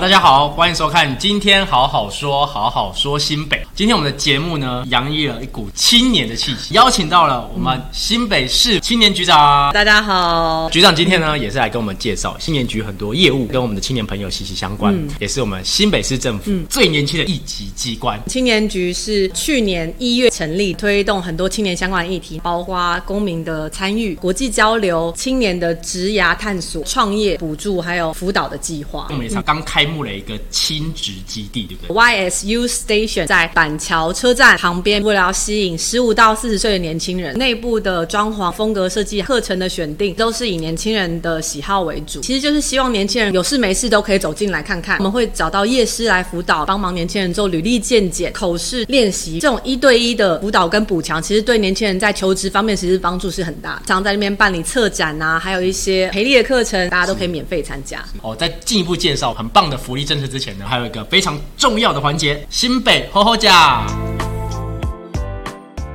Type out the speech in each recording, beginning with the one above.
大家好，歡迎收看《今天好好說》，好好說新北。今天我們的節目呢，洋溢了一股青年的氣息，邀請到了我們新北市青年局長。大家好，局長今天呢，也是來跟我們介紹青年局很多業務，跟我們的青年朋友息息相關，嗯，也是我們新北市政府最年輕的一級機關。青年局是去年一月成立，推動很多青年相關的議題，包括公民的參與、國際交流、青年的職涯探索、創業補助，還有輔導的計劃。我們也下，剛開。開幕了一個青職基地，對不對？YSU Station 在板橋車站旁邊，為了要吸引十五到四十歲的年輕人，內部的裝潢風格設計、課程的選定都是以年輕人的喜好為主。其實就是希望年輕人有事沒事都可以走進來看看。我們會找到業師來輔導，幫忙年輕人做履歷健檢、口試練習，這種一對一的輔導跟補強，其實對年輕人在求職方面其實幫助是很大。常在那邊辦理策展啊，還有一些培力的課程，大家都可以免費參加。哦，再進一步介紹，很棒。的福利政策之前呢，還有一個非常重要的環節——新北厚厚呷。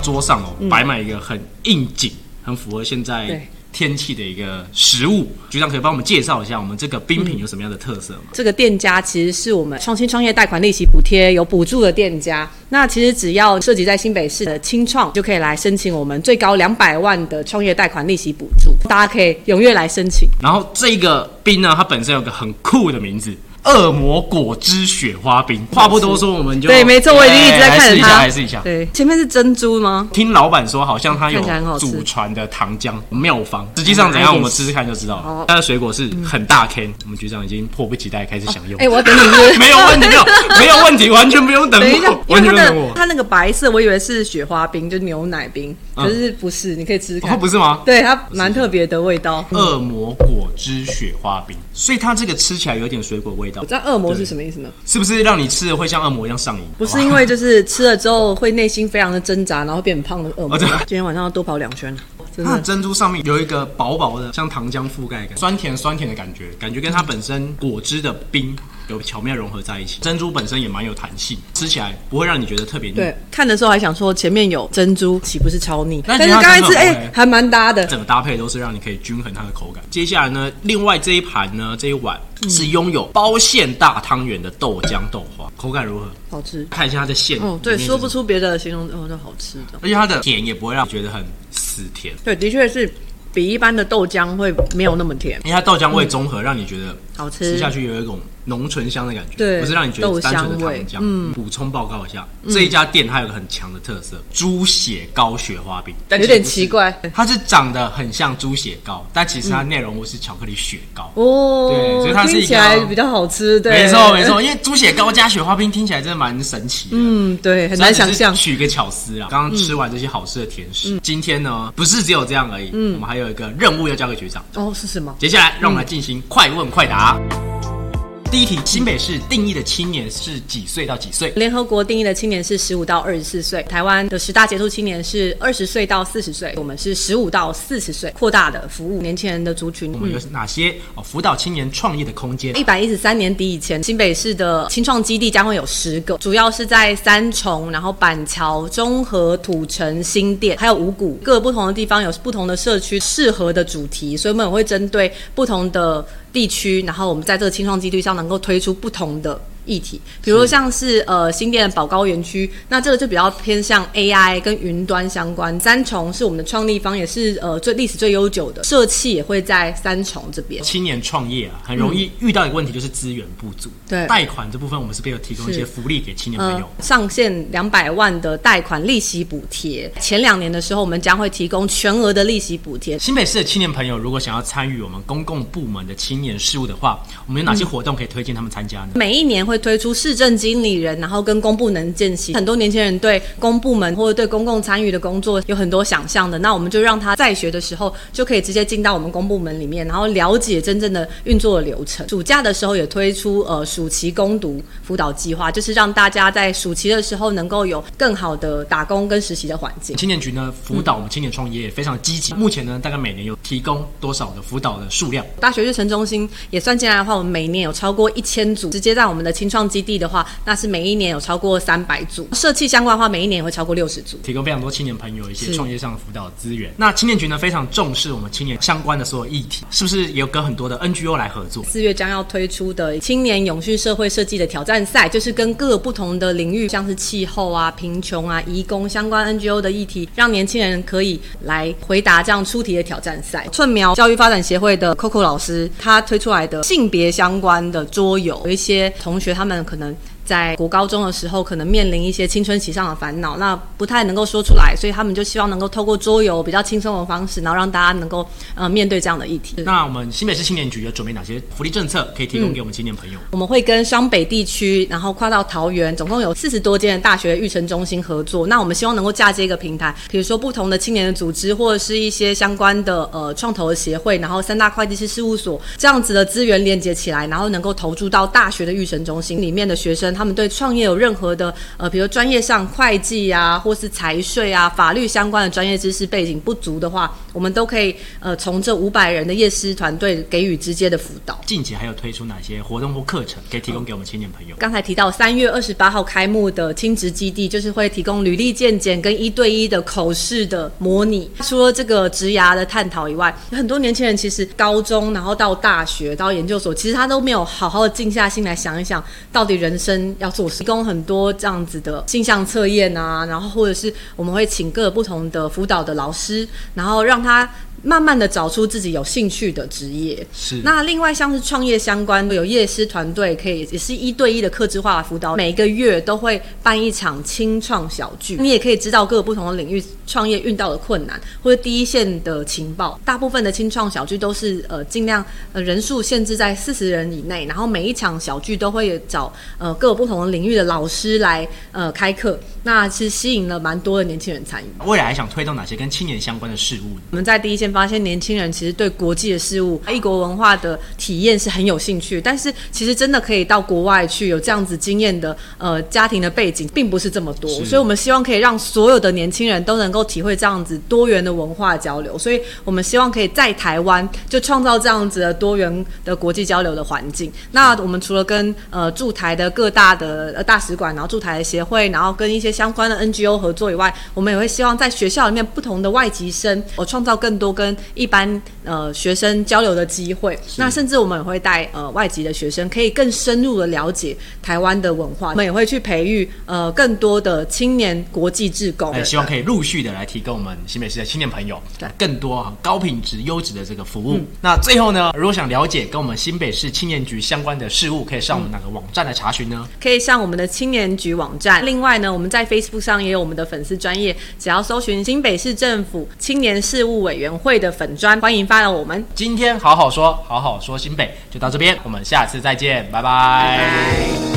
桌上哦、嗯、擺滿一個很應景、很符合現在天氣的一個食物。局長可以幫我們介紹一下我們這個冰品有什麼樣的特色嗎？嗯、這個店家其實是我們創新創業貸款利息補貼有補助的店家。那其實只要涉及在新北市的青創，就可以來申請我們最高兩百萬的創業貸款利息補助。大家可以踊躍來申請。然後這個冰呢，它本身有個很酷的名字，惡魔果汁雪花冰，話不多說，我們就對，對沒錯，我已經一直在看它，試一下，試一下。對，前面是珍珠嗎？聽老闆說，好像他有祖傳的糖漿妙方。實際上怎樣，吃嗯、等一下我們試試看就知道了、嗯。它的水果是很大 c，嗯、我們局長已經迫不及待開始享用。哎、哦欸，我等你吃，沒有問題，沒有沒有問題，完全不用等我，完全不用等我。他那個白色，我以為是雪花冰，就牛奶冰，可是不是，嗯、你可以吃吃看。它、哦、不是嗎？對，它蠻特別的味道。惡魔果汁雪花冰，所以它這個吃起來有點水果味。我知道惡魔是什麼意思嗎？是不是讓你吃了會像惡魔一樣上癮？不是，因為就是吃了之後會內心非常的掙扎，然後變胖的惡魔的。哦，真的。今天晚上要多跑兩圈，真的。它的珍珠上面有一個薄薄的像糖漿覆蓋感，酸甜酸甜的感覺，感覺跟它本身果汁的冰。嗯有巧妙融合在一起，珍珠本身也蠻有彈性，吃起來不會讓你覺得特別膩。對，看的時候還想說前面有珍珠，豈不是超膩？但是剛開始哎，還蠻搭的。整個搭配都是讓你可以均衡它的口感。接下來呢，另外這一盤呢，這一碗是擁有包餡大湯圓的豆漿豆花、嗯，口感如何？好吃。看一下它的餡、嗯。哦，對，說不出別的形容，之後就好吃的。而且它的甜也不會讓你覺得很死甜。對，的確是比一般的豆漿會沒有那麼甜，因為它豆漿味綜合、嗯，讓你覺得好吃，吃下去有一種。濃醇香的感覺。對，不是讓你覺得單純的糖漿。補、嗯、充報告一下、嗯，這一家店它有個很強的特色——豬、嗯、血糕雪花冰，有點奇怪。它是長得很像豬血糕，但其實它內容物是巧克力雪糕哦、嗯。所以它是一個聽起來比較好吃，對。沒錯沒錯，因為豬血糕加雪花冰聽起來真的蠻神奇的。嗯，對，很難想象。取個巧思啦，剛剛吃完這些好吃的甜食，嗯嗯、今天呢不是只有這樣而已、嗯，我們還有一個任務要交給局長。哦，是什麼？接下來讓我們來進行快問快答。第一題，新北市定義的青年是幾歲到幾歲？聯合國定義的青年是十五到二十四歲。台灣的十大傑出青年是二十歲到四十歲，我們是十五到四十歲，擴大的服務年輕人的族群。我們有哪些哦輔導青年創業的空間？一百一十三年底以前，新北市的青創基地將會有十個，主要是在三重、然後板橋、中和、土城、新店，還有五股各不同的地方有不同的社區適合的主題，所以我們也會針對不同的。地區，然後我們在這個青創基地上能夠推出不同的。一體，比如像是，是呃新店的寶高園區，那這個就比較偏向 AI 跟雲端相關。三重是我們的創立方，也是呃最歷史最悠久的社企也會在三重這邊。青年創業啊，很容易遇到一個問題，就是資源不足。對，貸款這部分我們是會有提供一些福利給青年朋友，呃、上限兩百萬的貸款利息補貼。前兩年的時候，我們將會提供全額的利息補貼。新北市的青年朋友，如果想要參與我們公共部門的青年事務的話，我們有哪些活動可以推薦他們參加呢？嗯。每一年會。推出市政經理人，然後跟公部門見習，很多年輕人對公部門或者對公共參與的工作有很多想象的，那我們就讓他在學的時候就可以直接進到我們公部門裡面，然後了解真正的運作的流程。暑假的時候也推出呃暑期攻讀輔導計劃，就是讓大家在暑期的時候能夠有更好的打工跟實習的環境。青年局呢輔導我們、嗯、青年創業也非常積極，目前呢大概每年有提供多少的輔導的數量？大學日程中心也算進來的話，我們每年有超過一千組直接在我們的青。創基地的話，那是每一年有超過三百組社企相關的話，每一年也會超過六十組，提供非常多青年朋友一些創業上的輔導資源。那青年局呢，非常重視我們青年相關的所有議題，是不是也有跟很多的 NGO 來合作？四月將要推出的青年永續社會設計的挑戰賽，就是跟各個不同的領域，像是氣候啊、貧窮啊、移工相關 NGO 的議題，讓年輕人可以來回答這樣出題的挑戰賽。寸苗教育發展協會的 Coco 老師，他推出來的性別相關的桌遊，有一些同學。他們可能。在國高中的時候，可能面臨一些青春期上的煩惱，那不太能夠說出來，所以他們就希望能夠透過桌遊比較輕鬆的方式，然後讓大家能夠呃面對這樣的議題。那我們新北市青年局有準備哪些福利政策可以提供給我們青年朋友？嗯，我們會跟雙北地區，然後跨到桃園，總共有四十多間大學育成中心合作。那我們希望能夠嫁接一個平台，比如說不同的青年的組織，或者是一些相關的呃創投協會，然後三大會計師事務所這樣子的資源連接起來，然後能夠投注到大學的育成中心裡面的學生。他們對創業有任何的呃，比如專業上會計啊，或是財稅啊、法律相關的專業知識背景不足的話，我們都可以呃，從這五百人的業師團隊給予直接的輔導。近期還有推出哪些活動或課程可以提供給我們青年朋友？哦，剛才提到三月二十八號開幕的青職基地，就是會提供履歷健檢跟一對一的口試的模擬。除了這個職涯的探討以外，有很多年輕人其實高中然後到大學到研究所，其實他都沒有好好的靜下心來想一想，到底人生。要做提供很多這樣子的性向測驗啊，然後或者是我們會請各不同的輔導的老師，然後讓他慢慢的找出自己有興趣的職業。是。那另外像是創業相關，有業師團隊可以也是一對一的客製化輔導。每個月都會辦一場青創小聚。你也可以知道各個不同的領域創業遇到的困難或者第一線的情報。大部分的青創小聚都是呃盡量呃人數限制在四十人以內，然後每一場小聚都會找呃各個不同的領域的老師來呃開課。那其實吸引了蠻多的年輕人參與。未來還想推動哪些跟青年相關的事物？我們在第一線。發現年輕人其實對國際的事物、異國文化的體驗是很有興趣，但是其實真的可以到國外去有這樣子經驗的，呃，家庭的背景並不是這麼多，所以，我們希望可以讓所有的年輕人都能夠體會這樣子多元的文化交流，所以我們希望可以在台灣就創造這樣子的多元的國際交流的環境。那我們除了跟呃駐台的各大的、呃、大使館，然後駐台的協會，然後跟一些相關的 NGO 合作以外，我們也會希望在學校裡面不同的外籍生，我、呃、創造更多。跟一般呃學生交流的機會，那甚至我們也會帶呃外籍的學生，可以更深入的了解台灣的文化。我們也會去培育呃更多的青年國際志工，也、欸、希望可以陸續的來提供我們新北市的青年朋友對更多高品質優質的這個服務、嗯。那最後呢，如果想了解跟我們新北市青年局相關的事務，可以上我們哪個網站來查詢呢、嗯？可以上我們的青年局網站。另外呢，我們在 Facebook 上也有我們的粉絲專頁，只要搜尋新北市政府青年事務委員會。會的粉專，歡迎發到我們。今天好好說、好好說新北就到這邊，我們下次再見，拜拜、拜拜。